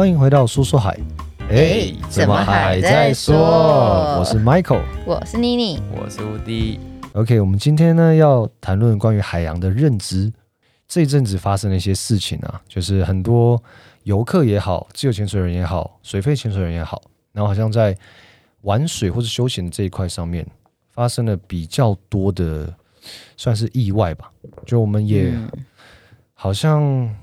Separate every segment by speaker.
Speaker 1: 歡迎回到說說海，哎，怎麼還在說？我是 Michael，
Speaker 2: 我是 Nini，
Speaker 3: 我是
Speaker 1: Woody。OK，我們今天呢要談論關於海洋的認知。這一陣子發生了一些事情啊，就是很多遊客也好，自由潛水人也好，水肺潛水員也好，然後好像在玩水或者休閒的這一塊上面發生了比較多的，算是意外吧。就我們也、嗯、好像。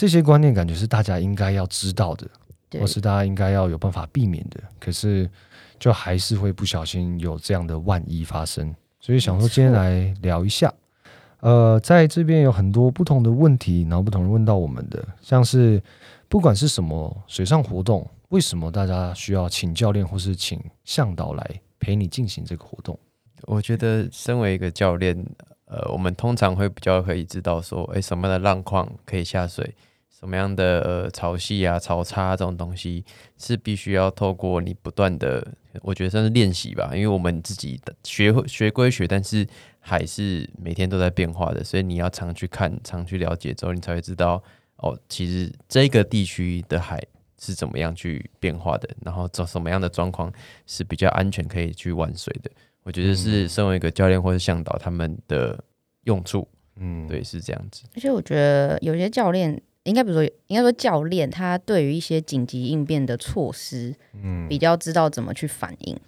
Speaker 1: 這些觀念感覺是大家應該要知道的，對或是大家應該要有辦法避免的。可是，就還是會不小心有這樣的萬一發生。所以想說今天來聊一下，是呃，在這邊有很多不同的問題，然後不同人問到我們的，像是不管是什麼水上活動，為什麼大家需要請教練或是請向導來陪你進行這個活動？
Speaker 3: 我覺得身為一個教練，呃，我們通常會比較可以知道說，哎，什麼樣的浪況可以下水。什麼樣的、呃、潮汐啊、潮差、啊、這種東西是必須要透過你不斷的，我覺得算是練習吧。因為我們自己學學歸學，但是海是每天都在變化的，所以你要常去看、常去了解之後，你才會知道哦，其實這個地區的海是怎麼樣去變化的，然後怎什麼樣的狀況是比較安全可以去玩水的。我覺得是身為一個教練或者向導，他們的用處，嗯，對，是這樣子。而
Speaker 2: 且我覺得有些教練。應該比如說，應該說教練他對於一些緊急應變的措施，嗯，比較知道怎麼去反應。嗯、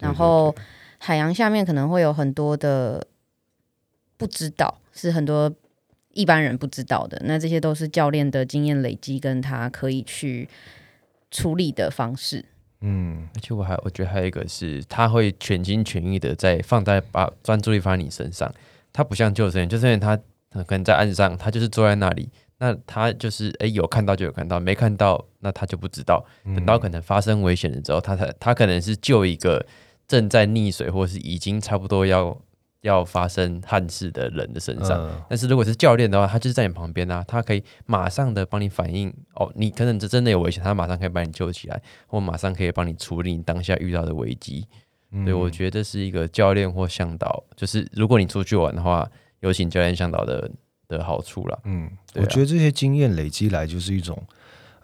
Speaker 2: 然後海洋下面可能會有很多的不知道，對對對，是很多一般人不知道的。那這些都是教練的經驗累積，跟他可以去處理的方式。
Speaker 3: 嗯，而且我還我覺得還有一個是他會全心全意的在放在把專注力放在你身上。他不像救生員，救生員他可能在岸上，他就是坐在那裡。那他就是哎，有看到就有看到，沒看到那他就不知道。等到可能發生危險了之後，嗯、他才他可能是救一個正在溺水或是已經差不多要要發生憾事的人的身上。呃、但是如果是教練的話，他就是在你旁邊啊，他可以馬上的幫你反應哦，你可能這真的有危險，他馬上可以把你救起來，或馬上可以幫你處理你當下遇到的危機。嗯、所以我覺得這是一個教練或向導，就是如果你出去玩的話，有請教練向導的。的好處了，嗯，啦我覺得
Speaker 1: 這些經驗累積來就是一種，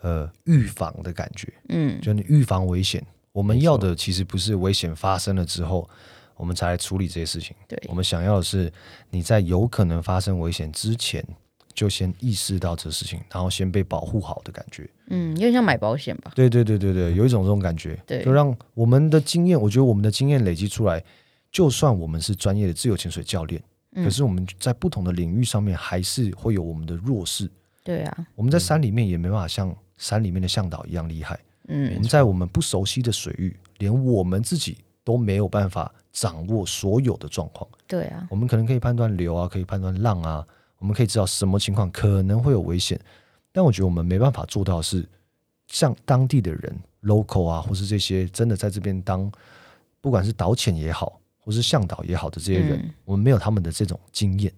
Speaker 1: 呃，預防的感覺，嗯，就你預防危險，我們要的其實不是危險發生了之後，我們才來處理這些事情，對，我們想要的是你在有可能發生危險之前，就先意識到這事情，然後先被保護好的感覺，
Speaker 2: 嗯，有點像買保險
Speaker 1: 吧，對，對，對，對，對，有一種這種感覺，嗯、對，就讓我們的經驗，我覺得我們的經驗累積出來，就算我們是專業的自由潛水教練，可是我們在不同的領域上面，還是會有我們的弱勢。
Speaker 2: 對啊、嗯，
Speaker 1: 我們在山裡面也沒辦法像山裡面的嚮導一樣厲害。嗯，我們在我們不熟悉的水域，嗯、連我們自己都沒有辦法掌握所有的狀況。對啊，我們可能可以判斷流啊，可以判斷浪啊，我們可以知道什麼情況可能會有危險。但我覺得我們沒辦法做到是，像當地的人、嗯、（local） 啊，或是這些真的在這邊當，不管是導潛也好。或是嚮導也好的這些人，嗯、我們沒有他們的這種經驗，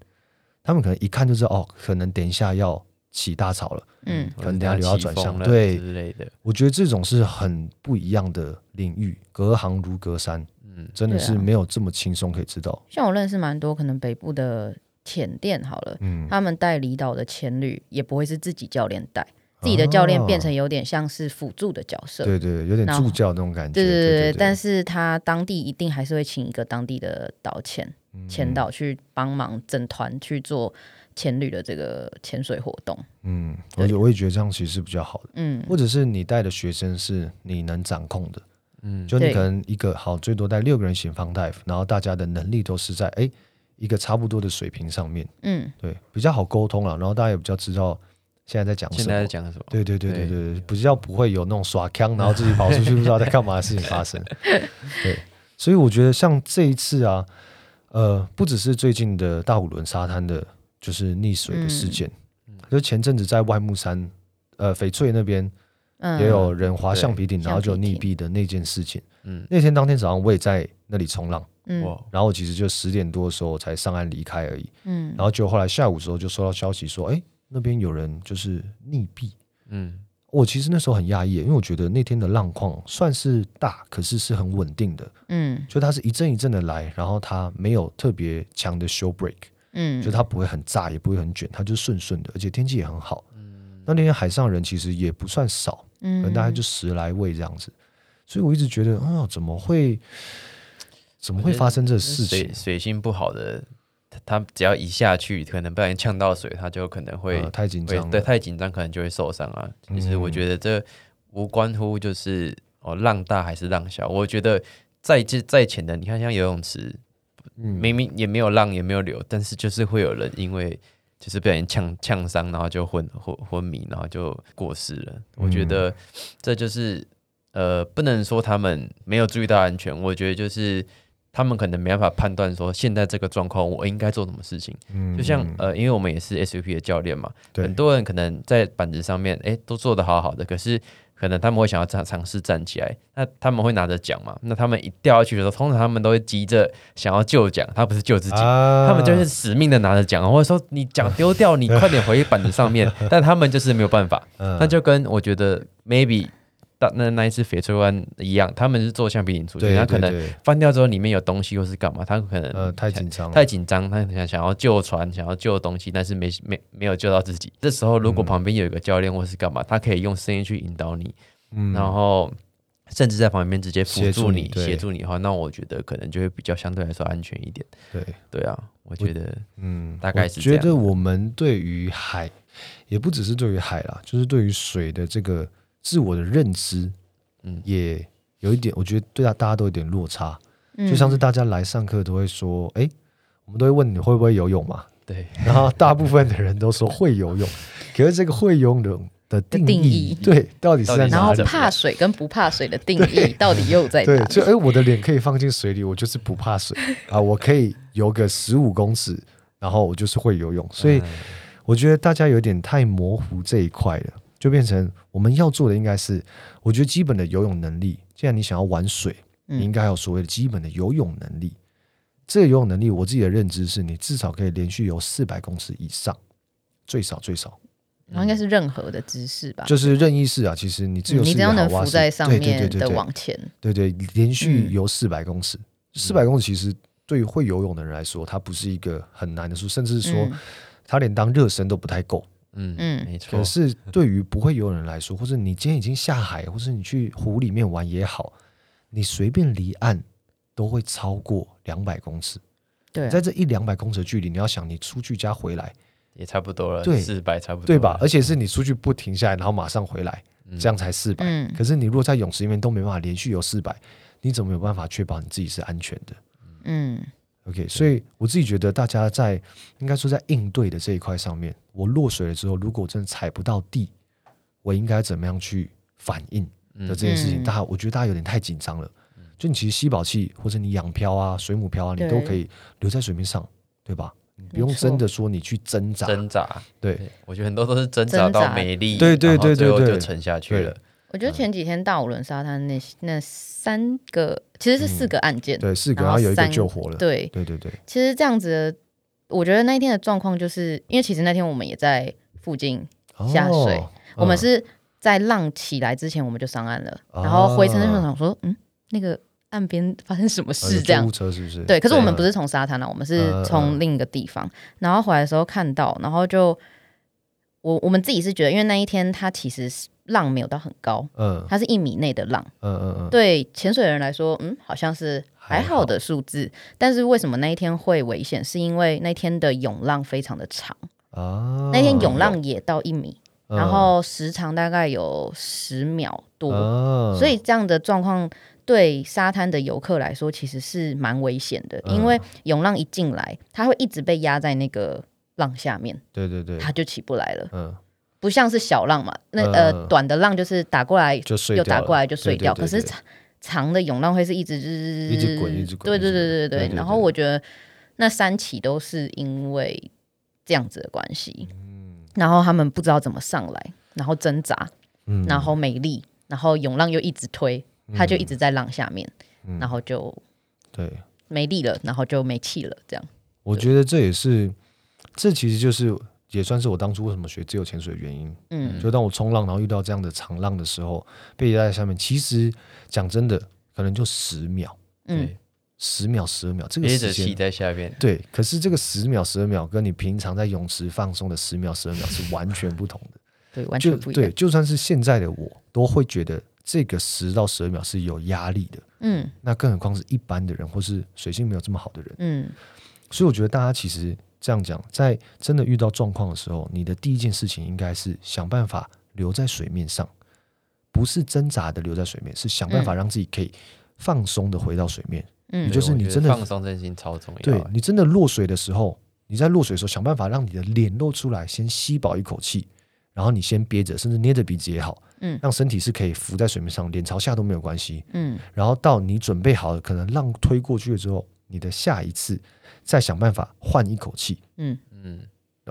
Speaker 1: 他們可能一看就是哦，可能等一下要起大潮了，嗯，可能等下就要轉向、嗯、對了，對之類的。我覺得這種是很不一樣的領域，隔行如隔山，嗯，真的是沒有這麼輕鬆可以知道。嗯
Speaker 2: 啊、像我認識蠻多，可能北部的潛店好了，嗯，他們帶離島的潛侶也不會是自己教練帶。自己的教練變成有點像是輔助的角色，啊、對對，有點助教後那種感覺。對對，對對對，但是他當地一定還是會請一個當地的導潛潛導去幫忙整團去做潛旅的這個
Speaker 1: 潛水活動。嗯，我也對我也覺得這樣其實是比較好的。嗯，或者是你帶的學生是你能掌控的。
Speaker 3: 嗯，就你可能
Speaker 1: 一個對好最多帶六個人行 Fun Dive，然後大家的能力都是在誒一個差不多的水平上面。嗯，對，比較好溝通了，然後大家也比較知道。現在在講什麼？現在在講什麼？對對對對對對，比較不會有那種耍腔，然後自己跑出去不知道在幹嘛的事情發生。
Speaker 3: 對，
Speaker 1: 所以我覺得像這一次啊，呃，不只是最近的大武崙沙灘的，就是溺水的事件，就前陣子在外木山呃翡翠那邊也有人滑橡皮艇，然後就溺斃的那件事情。那天當天早上我也在那裡衝浪，然後我其實就十點多的時候才上岸離開而已，然後就後來下午的時候就收到消息說，哎。那邊有人就是溺斃，嗯，我其實那時候很訝異，因為我覺得那天的浪況算是大，可是是很穩定的，嗯，就它是一陣一陣的來，然後它沒有特別強的 show break，嗯，就它不會很炸，也不會很捲，它就順順的，而且天氣也很好，嗯，那那天海上人其實也不算少，嗯，可能大概就十來位這樣子，所以我一直覺得，哦、呃，怎麼會，怎麼會發生這事情？
Speaker 3: 水，水性不好的。他只要一下去，可能不小心嗆到水，他就可能會、啊、太緊張，對，太緊張可能就會受傷啊。嗯、其實我覺得這無關乎就是哦浪大還是浪小，我覺得再近再淺的，你看像游泳池，明明、嗯、也沒有浪也沒有流，但是就是會有人因為就是不小心嗆嗆傷，然後就昏昏昏迷，然後就過世了。嗯、我覺得這就是呃不能說他們沒有注意到安全，我覺得就是。他們可能沒辦法判斷說現在這個狀況，我應該做什麼事情。嗯。就像、嗯、呃，因為我們也是 SUP 的教練嘛，對很多人可能在板子上面，欸、都做得好好的，可是可能他們會想要嘗嘗試站起來，那他們會拿着槳嘛，那他們一掉下去的時候，通常他們都會急着想要救槳，他不是救自己，啊、他們就是死命的拿着槳，或者說你槳丟掉， 你快點回板子上面， 但他們就是沒有辦法，嗯、那就跟我覺得 maybe。到那那一次翡翠灣一樣，他們是做橡皮艇出去，他可能翻掉之後裡面有東西，或是幹嘛，他可能呃太緊張，太緊張，他想想要救船，想要救東西，但是沒沒沒有救到自己。這時候如果旁邊有一個教練，或是幹嘛，嗯、他可以用聲音去引導你，嗯、然後甚至在旁邊直接輔助你，協助你，對，協助你的話，那我覺得可能就會比較相對來說安
Speaker 1: 全一點。對對啊，我覺得我嗯，大概是這樣。我覺得我們對於海，也不只是對於海啦，就是對於水的這個。自我的認知，嗯，也有一點，嗯、我覺得對大家都有點落差。嗯、就像是大家來上課，都會說，哎、欸，我們都會問你會不會游泳嘛？對，然後大部分的人都說會游泳， 可是這個會游泳的定義，定義。對，到底是在哪裡？然後怕
Speaker 2: 水跟不怕水的定義到底又在。對，
Speaker 1: 就哎，我的臉可以放進水裡，我就是不怕水 啊！我可以游個十五公尺，然後我就是會游泳。所以我覺得大家有點太模糊這一塊了。就變成我們要做的應該是，我覺得基本的游泳能力，既然你想要玩水，你應該有所謂的基本的游泳能力。嗯、這個游泳能力，我自己的認知是你至少可以連續游四百公尺以上，最少最少。
Speaker 2: 然後應該是任何的姿勢吧？就是
Speaker 1: 任意式啊，其實你只要能浮在上面的往前。對，對對，連續游四百公尺，四百、嗯、公尺其實對於會游泳的人來說，它不是一個很難的數，甚至是說，它連當熱身都不太夠。嗯嗯，沒錯。可是對於不會游泳人來說， 或者你今天已經下海，或者你去湖裡面玩也好，你隨便離岸都會超過兩百公尺。對、啊，在這一兩百公尺的距離，你要想你出去加回來
Speaker 3: 也差不多了，對，四百差不多，對吧？
Speaker 1: 而且是你出去不停下來，然後馬上回來，嗯、這樣才四百、嗯。可是你如果在泳池裡面都沒辦法連續游四百，你怎麼有辦法確保你自己是安全的？嗯。OK，對所以我自己覺得大家在，應該說在應對的這一塊上面，我落水了之後，如果真的踩不到地，我應該怎麼樣去反應的這件事情？嗯、大家，我覺得大家有點太緊張了。嗯、就你其實吸飽氣或者你仰漂啊、水母漂啊，你都可以留在水面上，對，對吧？你不用真的說，你，說你去掙扎，掙扎。對，對，
Speaker 3: 我覺得很多都是掙扎到沒力，對對對對，對，最後就沉下去
Speaker 1: 了。
Speaker 2: 我覺得前幾天大武崙沙灘那、嗯、那三個其實是四個案件，嗯、對，四個，然後三有一個救活了，對，對對對。其實這樣子，我覺得那一天的狀況，就是因為其實那天我們也在附近下水，哦嗯、我們是在浪起來之前我們就上岸了，哦、然後回程的時候想說，嗯，那個岸邊發生什麼事這樣？呃、有救護車，是不是？對，可是我們不是從沙灘了、嗯、我們是從另一個地方，嗯嗯、然後回來的時候看到，然後就我我們自己是覺得，因為那一天他其實是。浪沒有到很高，嗯、它是一米內的浪，嗯嗯嗯、對潛水人來說，嗯，好像是還好的數字。好但是為什麼那一天會危險？是因為那天的湧浪非常的長，
Speaker 1: 哦、那天湧浪
Speaker 2: 也到一米，嗯、然後時長大概有十秒多，嗯、所以這樣的狀況對沙灘的遊客來說其實是蠻危險的，嗯、因為湧浪一進來，它會一直被壓在那個浪下面，對對對，他就起不來了，嗯。不像是小浪嘛，那呃、短的浪就是打過來就又打過來就碎掉，可是長長的湧浪會是一直一直滾一直滾，對對對對對。然後我覺得那三起都是因為這樣子的關係，嗯，然後他們不知道怎麼上來，然後掙扎，嗯，然後沒力，然後湧浪又一直推，他就一直在浪下面，然後就
Speaker 1: 對
Speaker 2: 沒力了，然後就沒氣了，這樣。
Speaker 1: 我覺得這也是，這其實就是。也算是我當初為什麼學自由潛水的原因。嗯，就當我衝浪，然後遇到這樣的長浪的時候，被壓在下面。其實講真的，可能就十秒，
Speaker 2: 對，
Speaker 1: 嗯，十秒十二秒這個時間，憋著氣在下面。對，可是這個十秒十二秒，跟你平常在泳池放鬆的十秒十二秒是完全不同的。 對，完全不一樣。對，就算是現在的我，都會覺得這個十到十二秒是有壓力的。嗯，那更何況是一般的人，或是水性沒有這麼好的人。嗯，所以我覺得大家其實。這樣講，在真的遇到狀況的時候，你的第一件事情應該是想辦法留在水面上，不是掙扎的留在水面，是想辦法讓自己可以放鬆的回到水面。嗯，也就是你真的、嗯、放
Speaker 3: 鬆真心超重要。對，
Speaker 1: 你真的落水的時候，你在落水的時候想辦法讓你的臉露出來，先吸飽一口氣，然後你先憋着，甚至捏着鼻子也好，讓身體是可以浮在水面上，臉朝下都沒有關係，嗯。然後到你準備好了，可能浪推過去了之後。你的下一次再想辦法換一口氣，嗯
Speaker 3: 嗯，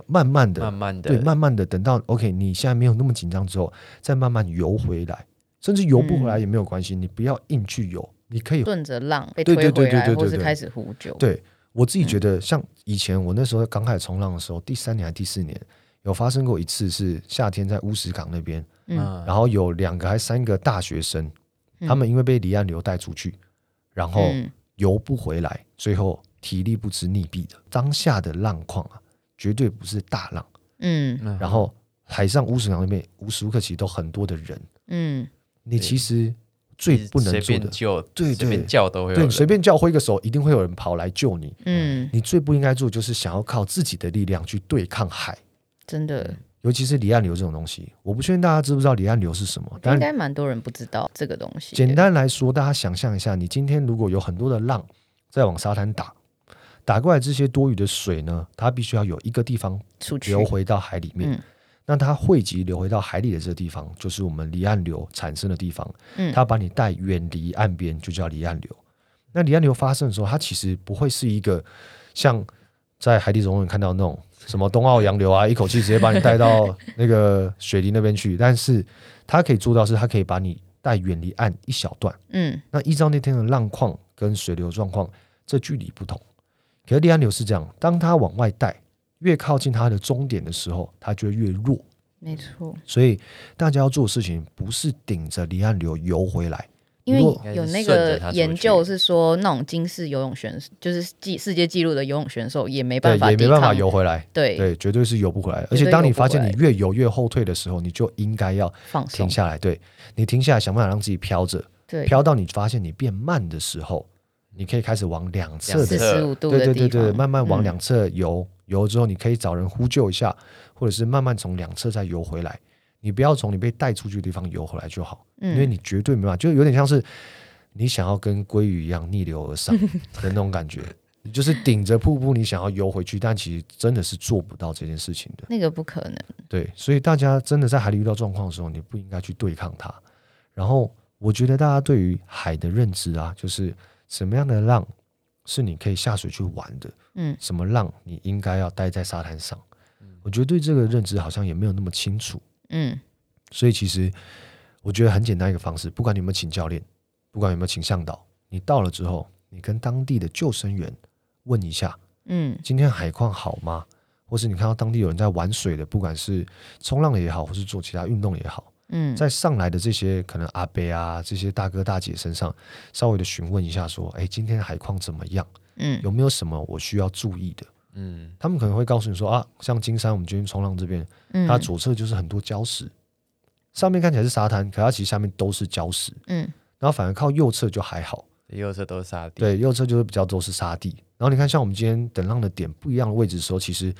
Speaker 1: 慢慢的，慢慢的，對，慢慢的，等到 OK，你現在沒有那麼緊張之後，再慢慢游回來，嗯、甚至游不回來也沒有關係，你不要硬去游，你可以順
Speaker 2: 着浪被推回來，對對對,對或是開始呼救。對，
Speaker 1: 我自己覺得，像以前我那時候剛開始衝浪的時候，第三年還是第四年，有發生過一次，是夏天在烏石港那邊，嗯，然後有兩個還三個大學生，嗯、他們因為被離岸流帶出去，然後。游不回來，最後體力不支溺斃的。當下的浪況啊，絕對不是大浪。
Speaker 2: 嗯，然後
Speaker 1: 海上無時無刻、無時無刻其實都很多的人。嗯，你其實最不能做的，就對，對，隨便叫都會，對，隨便叫揮個手，一定會有人跑來救你。嗯，你最不應該做就是想要靠自己的力量去對抗海，
Speaker 2: 真的。嗯
Speaker 1: 尤其是離岸流這種東西，我不確定大家知不知道離岸流是什麼。應該
Speaker 2: 蠻多人不知道這個東
Speaker 1: 西、欸。簡單來說，大家想象一下，你今天如果有很多的浪在往沙灘打，打過來這些多餘的水呢，它必須要有一個地方出去流回到海裡面。那、嗯、它匯集流回到海裡的這個地方，就是我們離岸流產生的地方。它把你帶遠離岸邊，就叫離岸流。嗯、那離岸流發生的時候，它其實不會是一個像在海底總動員看到那種。什麼東澳洋流啊，一口氣直接把你帶到那個雪梨那邊去。 但是它可以做到，是它可以把你帶遠離岸一小段。嗯，那依照那天的浪況跟水流狀況，這距離不同。可是離岸流是這樣，當它往外帶，越靠近它的終點的時候，它就越弱。沒錯。所以大家要做的事情，不是頂着離岸流游回來。因為有那個研
Speaker 2: 究是說，那種金氏游泳選手，就是世界紀錄的游泳選手，也沒辦法，也沒辦法游回來。對，對絕對
Speaker 1: 是游不，絕對游不回來。而且當你發現你越游越後退的時候，你就應該要放鬆，停下來。鬆對你停下來，想辦法讓自己飄着？對，飄到你發現你變慢的時候，你可以開始往兩側的45度的對，對對對對，慢慢往兩側游。嗯、游之後，你可以找人呼救一下，或者是慢慢從兩側再游回來。你不要從你被帶出去的地方游回來就好，嗯、因為你絕對沒辦法，就有點像是你想要跟鮭魚一樣逆流而上的那種感覺， 就是頂着瀑布你想要游回去，但其實真的是做不到這件事情的，
Speaker 2: 那個不可能。
Speaker 1: 對，所以大家真的在海裡遇到狀況的時候，你不應該去對抗它。然後，我覺得大家對於海的認知啊，就是什麼樣的浪是你可以下水去玩的，嗯，什麼浪你應該要待在沙灘上，嗯、我覺得對這個認知好像也沒有那麼清楚。嗯，所以其實我覺得很簡單一個方式，不管你有沒有請教練，不管有沒有請向導，你到了之後，你跟當地的救生員問一下，嗯，今天海況好嗎？或是你看到當地有人在玩水的，不管是衝浪也好，或是做其他運動也好，嗯，在上來的這些可能阿伯啊這些大哥大姐身上，稍微的詢問一下，說，哎，今天海況怎麼樣？嗯，有沒有什麼我需要注意的？嗯，他們可能會告訴你說啊，像金山，我們今天衝浪這邊，嗯，它左側就是很多礁石，上面看起來是沙灘，可它其實下面都是礁石，嗯，然後反而靠右側就還好，
Speaker 3: 右側都是沙地，
Speaker 1: 對，右側就是比較多是沙地，然後你看，像我們今天等浪的點不一樣的位置的時候，其實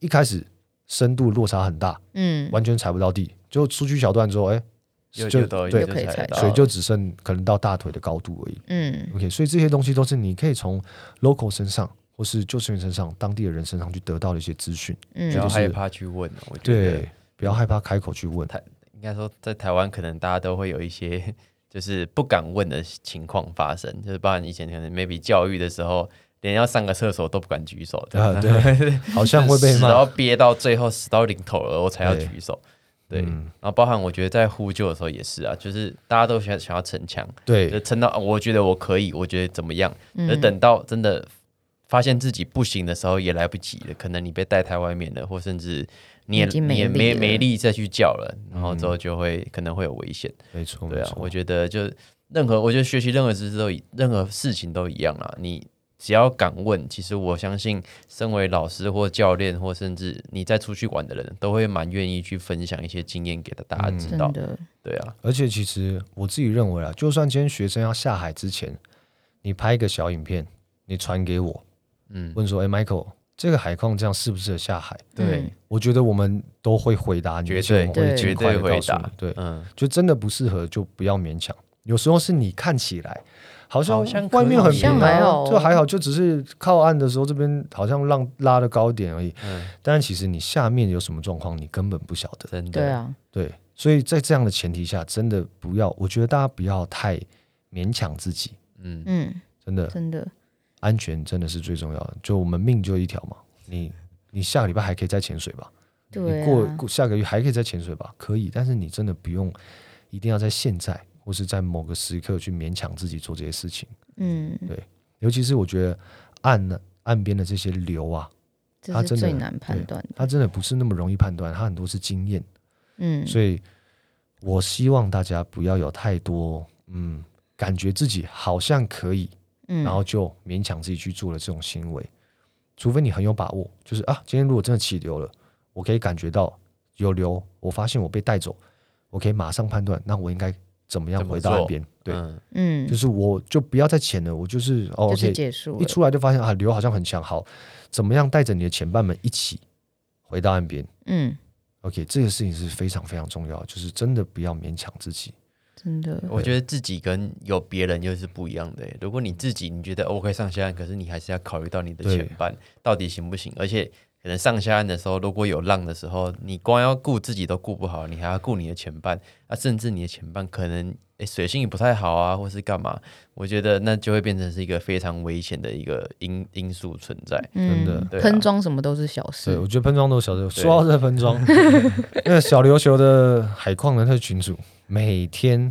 Speaker 1: 一開始深度落差很大，嗯，完全踩不到地，就出去一小段之後，哎，就，就對，可以踩到，水就只剩可能到大腿的高度而已，嗯，OK，所以這些東西都是你可以從 local 身上或是救生員身上、當地的人身上去得到了一些資訊，不要、嗯就是、害怕去問，喔。我覺得對，不要害怕開口去問。台
Speaker 3: 應該說，在台灣可能大家都會有一些就是不敢問的情況發生。就是包含以前可能 maybe 教育的時候，連要上個廁所都不敢舉手。對、啊、對，好像會被罵，然後憋到最後死到臨頭了，我才要舉手。對，對嗯、然後包含我覺得在呼救的時候也是啊，就是大家都想想要逞強，對，撐到、啊、我覺得我可以，我覺得怎麼樣，而、嗯、等到真的。發現自己不行的時候也來不及了，可能你被帶太外面了，或甚至你也沒力你也沒，沒力再去叫了，嗯、然後之後就會可能會有危險。沒錯，對、啊、沒錯，我覺得就任何我覺得學習任何知識都任何事情都一樣啦，你只要敢問，其實我相信，身為老師或教練或甚至你在出去玩的人都會蠻願意去分享一些經驗給大家知道。嗯、真
Speaker 1: 的，對啊。而且其實我自己認為啊，就算今天學生要下海之前，你拍一個小影片，你傳給我。嗯，問說，哎，Michael，這個海況這樣適不適合下海？對，我覺得我們都會回答你，絕對，絕對回答，對，嗯，就真的不適合，就不要勉強。有時候是你看起來好像外面很平，就還好，就只是靠岸的時候這邊好像浪拉得高點而已。嗯，但其實你下面有什麼狀況，你根本不曉得。真的，對啊，對，所以在這樣的前提下，真的不要，我覺得大家不要太勉強自己。嗯嗯，真的，真的。安全真的是最重要的，就我們命就一條嘛。你你下個禮拜還可以再潛水吧？
Speaker 2: 對，啊你過，過
Speaker 1: 過下個月還可以再潛水吧？可以，但是你真的不用一定要在現在或是在某個時刻去勉強自己做這些事情。嗯，對，尤其是我覺得岸岸邊的這些流啊，這是它真的最難判斷，它真的不是那麼容易判斷，它很多是經驗。嗯，所以我希望大家不要有太多嗯，感覺自己好像可以。嗯、然後就勉強自己去做了這種行為，除非你很有把握，就是啊，今天如果真的起流了，我可以感覺到有流，我發現我被帶走，我可以馬上判斷，那我應該怎麼樣回到岸邊？對，嗯，就是我就不要再潛了，我就是、嗯、哦，okay, 就一出來就發現啊，流好像很強，好，怎麼樣帶着你的前伴們一起回到岸邊？嗯，OK，這個事情是非常非常重要，就是真的不要勉強自己。真的，我覺得自己
Speaker 3: 跟有別人就是不一樣的、欸。如果你自己你覺得 O、OK、K 上下岸，可是你還是要考慮到你的前半到底行不行。而且可能上下岸的時候，如果有浪的時候，你光要顧自己都顧不好，你還要顧你的前半、啊。甚至你的前半可能哎、欸、水性也不太好啊，或是幹嘛？我覺得那就會變成是一個非常危險的一個因，因素
Speaker 1: 存在對、嗯。真的，噴
Speaker 2: 裝什麼都是小事。
Speaker 1: 對，我覺得噴裝都是小事。說到這噴裝，對 那個小琉球的海況呢，它是群組。每天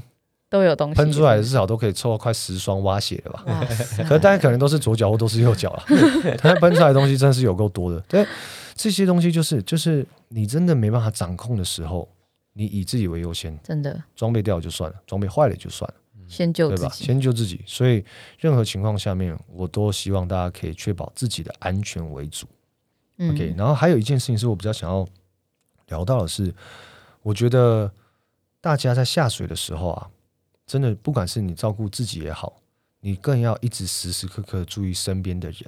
Speaker 2: 都有東西噴出來，
Speaker 1: 至少都可以湊到快十雙蛙鞋了吧。哇塞 可大家可能都是左腳或都是右腳了。但噴出來的東西真的是有夠多的。對，這些東西就是就是你真的沒辦法掌控的時候，你以自己為優先。真的裝備掉就算了，裝備壞了就算了，嗯、先救自己對吧，先救自己。所以任何情況下面，我都希望大家可以確保自己的安全為主。嗯、OK，然後還有一件事情是我比較想要聊到的是，我覺得。大家在下水的時候啊，真的不管是你照顧自己也好，你更要一直時時刻刻注意身邊的人。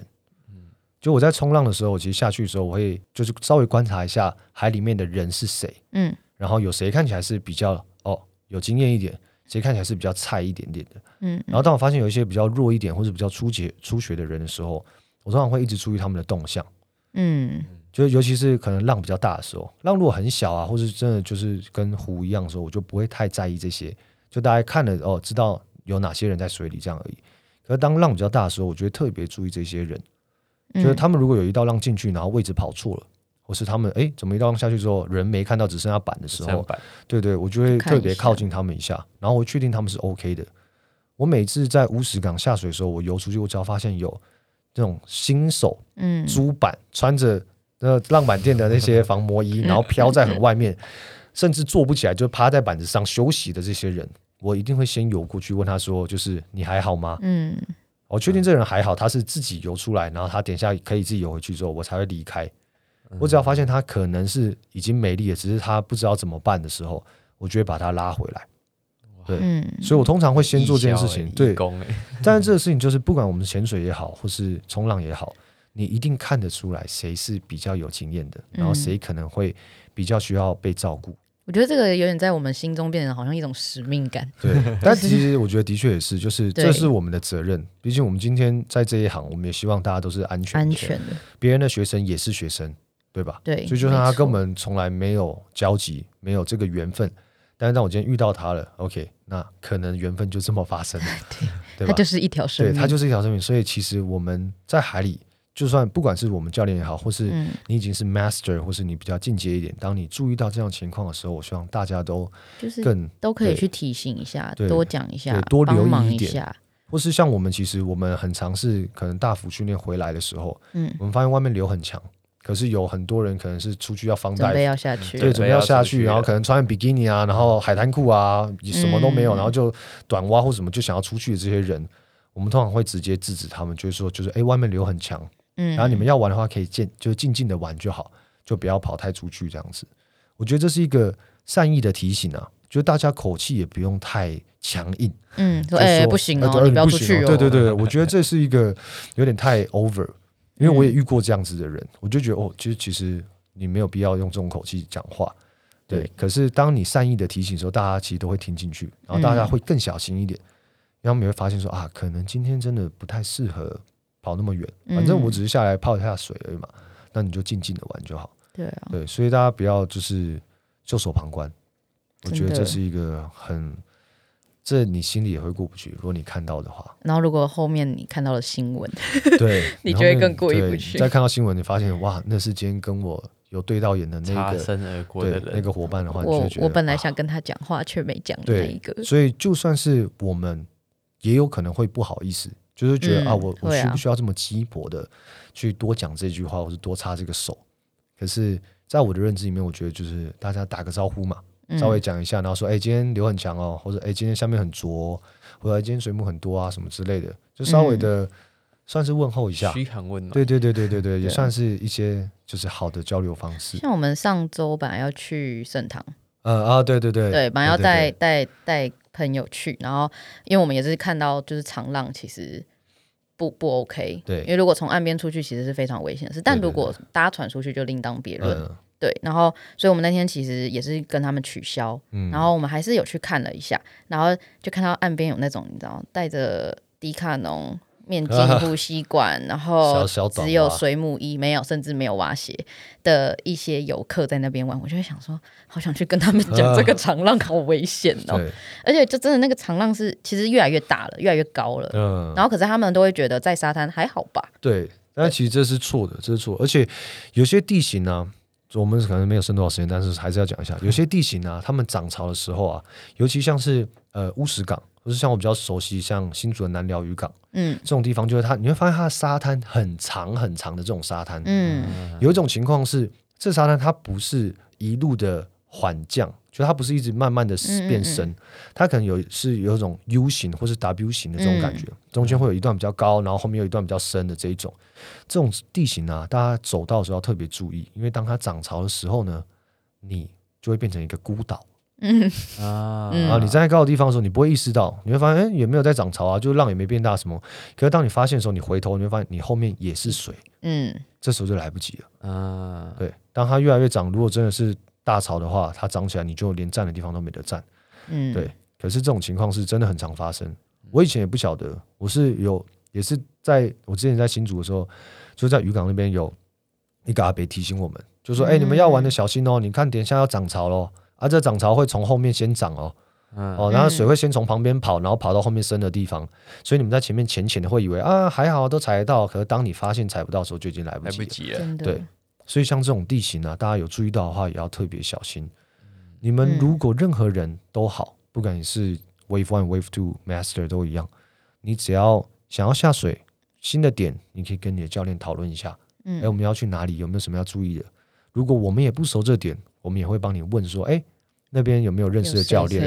Speaker 1: 嗯，就我在衝浪的時候，我其實下去的時候，我會就是稍微觀察一下海裡面的人是誰，嗯，然後有誰看起來是比較哦有經驗一點，誰看起來是比較菜一點點的，嗯，然後當我發現有一些比較弱一點或者比較初級初學的人的時候，我通常會一直注意他們的動向，嗯。就尤其是可能浪比較大的時候，浪如果很小啊，或者真的就是跟湖一樣的時候，我就不會太在意這些。就大家看了哦，知道有哪些人在水裡這樣而已。可是當浪比較大的時候，我就會特別注意這些人。
Speaker 3: 嗯、就是他
Speaker 1: 們如果有一道浪進去，然後位置跑錯了，或是他們哎，怎麼一道浪下去之後人沒看到，只剩下板的時候，百對對，我就會特別靠近他們一下，一下，然後我確定他們是 OK 的。我每次在烏石港下水的時候，我游出去，我只要發現有這種新手嗯豬板穿着，那浪板店的那些防磨衣， 然後飄在很外面， 嗯嗯、甚至坐不起來，就趴在板子上休息的這些人，我一定會先游過去問他說：“就是你還好嗎？”嗯，我確定這個人還好，他是自己游出來，然後他等一下可以自己游回去之後，我才會離開。嗯、我只要發現他可能是已經沒力了，只是他不知道怎麼辦的時候，我就會把他拉回來。對，嗯、所以我通常會先做這件事情。欸欸、對，嗯、但是這個事情就是不管我們潛水也好，或是衝浪也好。你一定看得出來誰是比較有經驗的，嗯、然後誰可能會比較需要被照顧。
Speaker 2: 我覺得這個有點在我們心中變得好像一種使命感。對，就是、但其
Speaker 1: 實我覺得的確也是，就是這是我們的責任。對畢竟我們今天在這一行，我們也希望大家都是安全、安全的。別人的學生也是學生，對吧？對。所以就算他跟我們從來沒有交集、沒，錯沒有這個緣分，但是當我今天遇到他了，OK，那可能緣分就這麼發生了。對，對吧他就是一條生命，對，他就是一條生命。所以其實我們在海裡。就算不管是我們教練也好，或是你已經是 master，或是你比較進階一點，當你注意到這樣情況的時候，我希望大家都
Speaker 2: 更都可以去提醒一下，多講一下，多留意一點。
Speaker 1: 或是像我們，其實我們很常是，可能大幅訓練回來的時候，嗯，我們發現外面流很強，可是有很多人可能是出去要放貸準備要下去，對，準備要下去，然後可能穿比基尼啊，然後海灘褲啊，什麼都沒有，然後就短襪或什麼就想要出去的這些人，我們通常會直接制止他們，就是說，就是誒，外面流很強。然後你們要玩的話，可以靜就靜靜的玩就好，就不要跑太出去這樣子。我覺得這是一個善意的提醒啊，就大家口氣也不用太強硬。
Speaker 2: 嗯，說哎，不行、哦呃、你不行、哦哦、對對對，我
Speaker 1: 覺得這是一個有點太 over， 因為我也遇過這樣子的人，嗯、我就覺得哦，其實其實你沒有必要用這種口氣講話。對，嗯、可是當你善意的提醒的時候，大家其實都會聽進去，然後大家會更小心一點。嗯、然後你會發現說啊，可能今天真的不太適合。跑那麼遠，反正我只是下來泡一下水而已嘛。嗯、那你就靜靜的玩就好。對、啊、對，所以大家不要就是袖手旁觀。的我覺得這是一個很，這你心裡也會過不去。如果你看到的話，
Speaker 2: 然後如果後面你看到了新聞，對， 你就會更過意不去。再看
Speaker 1: 到新聞，你發現哇，那是今天跟我有對到眼的那個，擦身而過的人，對那個夥伴的話，我我本
Speaker 2: 來想跟他講話，卻、啊、沒講、那個。對一個，所
Speaker 1: 以就算是我們也有可能會不好意思。就是覺得、嗯、啊，我我需不需要這麼雞婆的去多講這句話，嗯啊、或者多插這個手？可是，在我的認知裡面，我覺得就是大家打個招呼嘛，嗯、稍微講一下，然後說，哎、欸，今天流很強哦、喔，或者哎、欸，今天下面很濁、喔，或者今天水母很多啊，什麼之類的，就稍微的算是問候一下，噓、嗯、寒問暖，對對對對對對，也算是一些就是好的交流方式。
Speaker 2: 像我們上週本來要去聖堂，
Speaker 1: 呃、嗯、啊，對對對，對，本來要帶帶
Speaker 2: 帶。對對對很有趣，然後因為我們也是看到，就是長浪其實不不 OK，對，因為如果從岸邊出去，其實是非常危險的事，對對對，但如果搭船出去就另當別論，呃呃對。然後，所以我們那天其實也是跟他們取消，嗯、然後我們還是有去看了一下，然後就看到岸邊有那種你知道，帶着迪卡儂。面鏡呼吸管，呃、然後只有水母衣，小小啊、沒有甚至沒有蛙鞋的一些遊客在那邊玩，我就會想說，好想去跟他們講這個長浪好危險哦！呃、而且就真的那個長浪是其實越來越大了，越來越高了。嗯、呃，然後可是他們都會覺得在沙灘還好吧？
Speaker 1: 對，對，但其實這是錯的，這是錯。而且有些地形呢、啊，我們可能沒有剩多少時間，但是還是要講一下，有些地形呢、啊，他們漲潮的時候啊，尤其像是呃烏石港。就是像我比較熟悉，像新竹的南寮漁港，嗯，這種地方就是它，你會發現它的沙灘很長很長的這種沙灘，嗯，有一種情況是，這沙灘它不是一路的緩降，就它不是一直慢慢的變深，嗯嗯嗯，它可能有是有一種 U 型，或是 W 型的這種感覺，嗯嗯，中間會有一段比較高，然後後面有一段比較深的這一種，這種地形啊，大家走到的時候要特別注意，因為當它漲潮的時候呢，你就會變成一個孤島。 啊嗯啊你站在高的地方的時候，你不會意識到，你會發現，哎，也沒有在漲潮啊，就浪也沒變大什麼。可是當你發現的時候，你回頭，你會發現你後面也是水。嗯，這時候就來不及了、嗯、啊。對，當它越來越漲，如果真的是大潮的話，它漲起來，你就連站的地方都沒得站。嗯，對。可是這種情況是真的很常發生。我以前也不曉得，我是有，也是在我之前在新竹的時候，就在漁港那邊有一個阿伯提醒我們，就說，哎，你們要玩的小心哦、喔，你看等一下要漲潮咯。啊，這漲潮會從後面先漲哦，
Speaker 3: 嗯、哦，然後水會
Speaker 1: 先從旁邊跑，嗯、然後跑到後面深的地方，所以你們在前面淺淺的會以為啊還好都踩得到，可是當你發現踩不到的時候，就已經來不及來不及了。真的。對，所以像這種地形啊，大家有注意到的話，也要特別小心。你們如果任何人都好，嗯、不管你是 Wave One、Wave Two、Master 都一樣，你只要想要下水新的點，你可以跟你的教練討論一下。嗯，哎，我們要去哪裡？有沒有什麼要注意的？如果我們也不熟這點。我們也會幫你問說，哎，那邊有沒有認識的教練？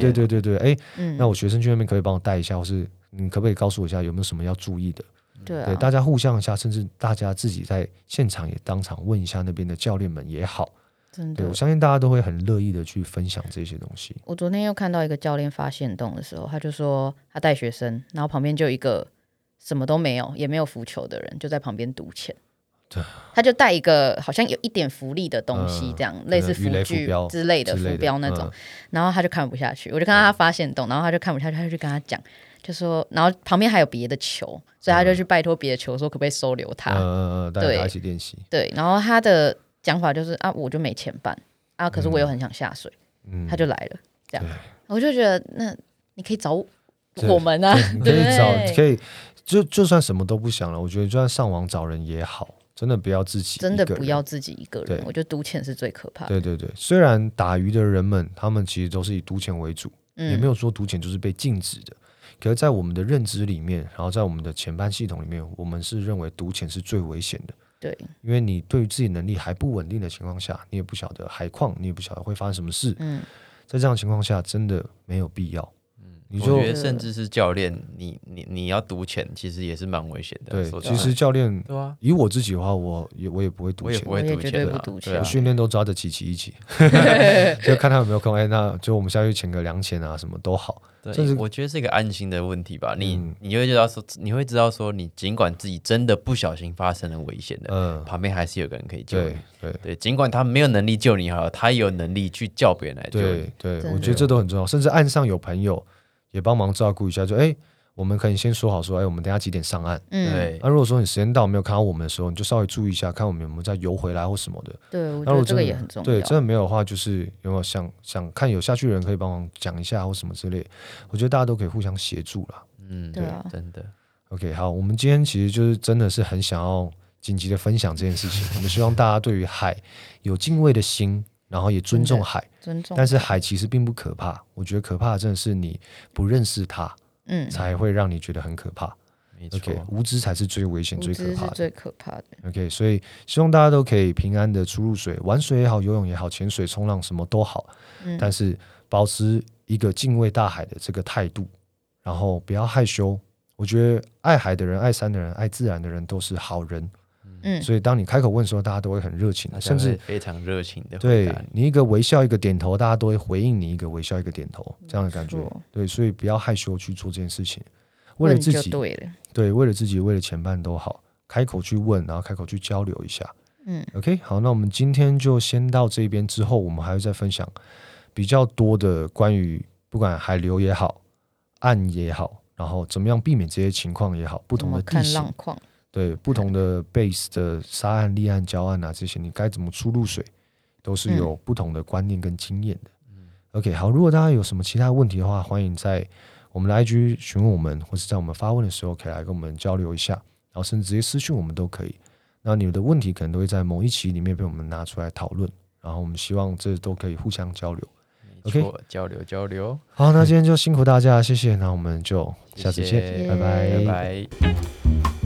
Speaker 1: 對對對對對，哎、嗯，那我學生去那邊可,可以幫我帶一下，或是你可不可以告訴我一下有沒有什麼要注意的？嗯、對，大家互相一下，甚至大家自己在現場也當場問一下那邊的教練們也好。
Speaker 2: 真的，對我相
Speaker 1: 信大家都會很樂意的去分享這些東西。
Speaker 2: 我昨天又看到一個教練發限動的時候，他就說他帶學生，然後旁邊就一個什麼都沒有，也沒有浮球的人，就在旁邊獨潛。對，他就帶一個好像有一點浮力的東西，這樣類似浮具之類的浮標那種，然後他就看不下去，我就看到他發現洞，然後他就看不下去，他就去跟他講，就說，然後旁邊還有別的球，所以他就去拜託別的球說可不可以收留他，嗯，
Speaker 1: 大家一起練習，
Speaker 2: 對，然後他的講法就是啊，我就沒錢辦啊，可是我又很想下水，他就來了，
Speaker 1: 這樣，
Speaker 2: 我就覺得那你可以找我們啊，可以找可
Speaker 1: 以，就就算什麼都不想了，我覺得就算上網找人也好。真的不要自己，真的不要自己一個人。個人對，我
Speaker 2: 覺得獨潛是最可怕的。對對
Speaker 1: 對，雖然打魚的人們，他們其實都是以獨潛為主，嗯、也沒有說獨潛就是被禁止的。可是，在我們的認知裡面，然後在我們的潛伴系統裡面，我們是認為獨潛是最危險的。對，因為你對於自己能力還不穩定的情況下，你也不曉得海況，你也不曉得會發生什麼事。嗯，在這樣的情況下，真的沒有必要。你覺得甚至
Speaker 3: 是教練，你你你要獨潛，其實也是蠻危險的。對，其實教練，
Speaker 1: 以我自己的話，我也我也不會獨潛，我也不會獨潛，對我訓練都抓着琪琪一起，就看他有沒有空。哎，那就我們下去潛個兩潛啊，什麼都好。對，我覺得是一個安心
Speaker 3: 的問題吧。你你會知道說，你會知道說，你儘管自己真的不小心發生了危險的，旁邊還是有個人可以救你。對對，儘管他沒有能力救你哈，他有能力去叫別人來救。對對，我覺得這都
Speaker 1: 很重要。甚至岸上有朋友。也幫忙照顧一下，就哎、欸，我們可以先說好說，說、欸、哎，我們等下幾點上岸。嗯、對。那、啊、如果說你時間到沒有看到我們的時候，你就稍微注意一下，看我們有沒有再游回來或什麼的。
Speaker 2: 對，我覺得、啊、如果真的這個也很重要。對，真的
Speaker 1: 沒有的話，就是有沒有想想看有下去的人可以幫忙講一下或什麼之類。我覺得大家都可以互相協助啦。嗯，對，對啊、真的。OK，好，我們今天其實就是真的是很想要緊急的分享這件事情， 我們希望大家對於海有敬畏的心。然後也尊重海，尊
Speaker 2: 重。但是海
Speaker 1: 其實並不可怕，我覺得可怕的真的是你不認識它，嗯，才會讓你覺得很可怕，沒錯，Okay，無知才是最危險、最可怕
Speaker 2: 的、最可怕的。
Speaker 1: OK，所以希望大家都可以平安的出入水，玩水也好，游泳也好，潛水、衝浪什麼都好，嗯，但是保持一個敬畏大海的這個態度，然後不要害羞。我覺得愛海的人、愛山的人、愛自然的人都是好人。嗯，所以當你開口問的時候，大家都會很熱情，甚至
Speaker 3: 非常熱情。對
Speaker 1: 你一個微笑，一個點頭，大家都會回應你一個微笑，一個點頭，這樣的感覺。對，所以不要害羞去做這件事情，為了自己，對，對，為了自己，為了前半都好，開口去問，然後開口去交流一下。嗯，OK，好，那我們今天就先到這邊，之後我們還會再分享比較多的關於不管海流也好，岸也好，然後怎麼樣避免這些情況也好，不同的地形。對不同的 base 的沙岸、礫岸、礁岸啊，這些你該怎麼出入水，都是有不同的觀念跟經驗的。嗯，OK，好，如果大家有什麼其他問題的話，歡迎在我們的 IG 詢問我們，或是在我們發問的時候，可以來跟我們交流一下，然後甚至直接私訊我們都可以。那你們的問題可能都會在某一期裡面被我們拿出來討論，然後我們希望這都可以互相交流。
Speaker 3: 沒錯，OK，交流交流。
Speaker 1: 好，那今天就辛苦大家，謝謝。那我們就下次見，謝謝拜拜，拜拜。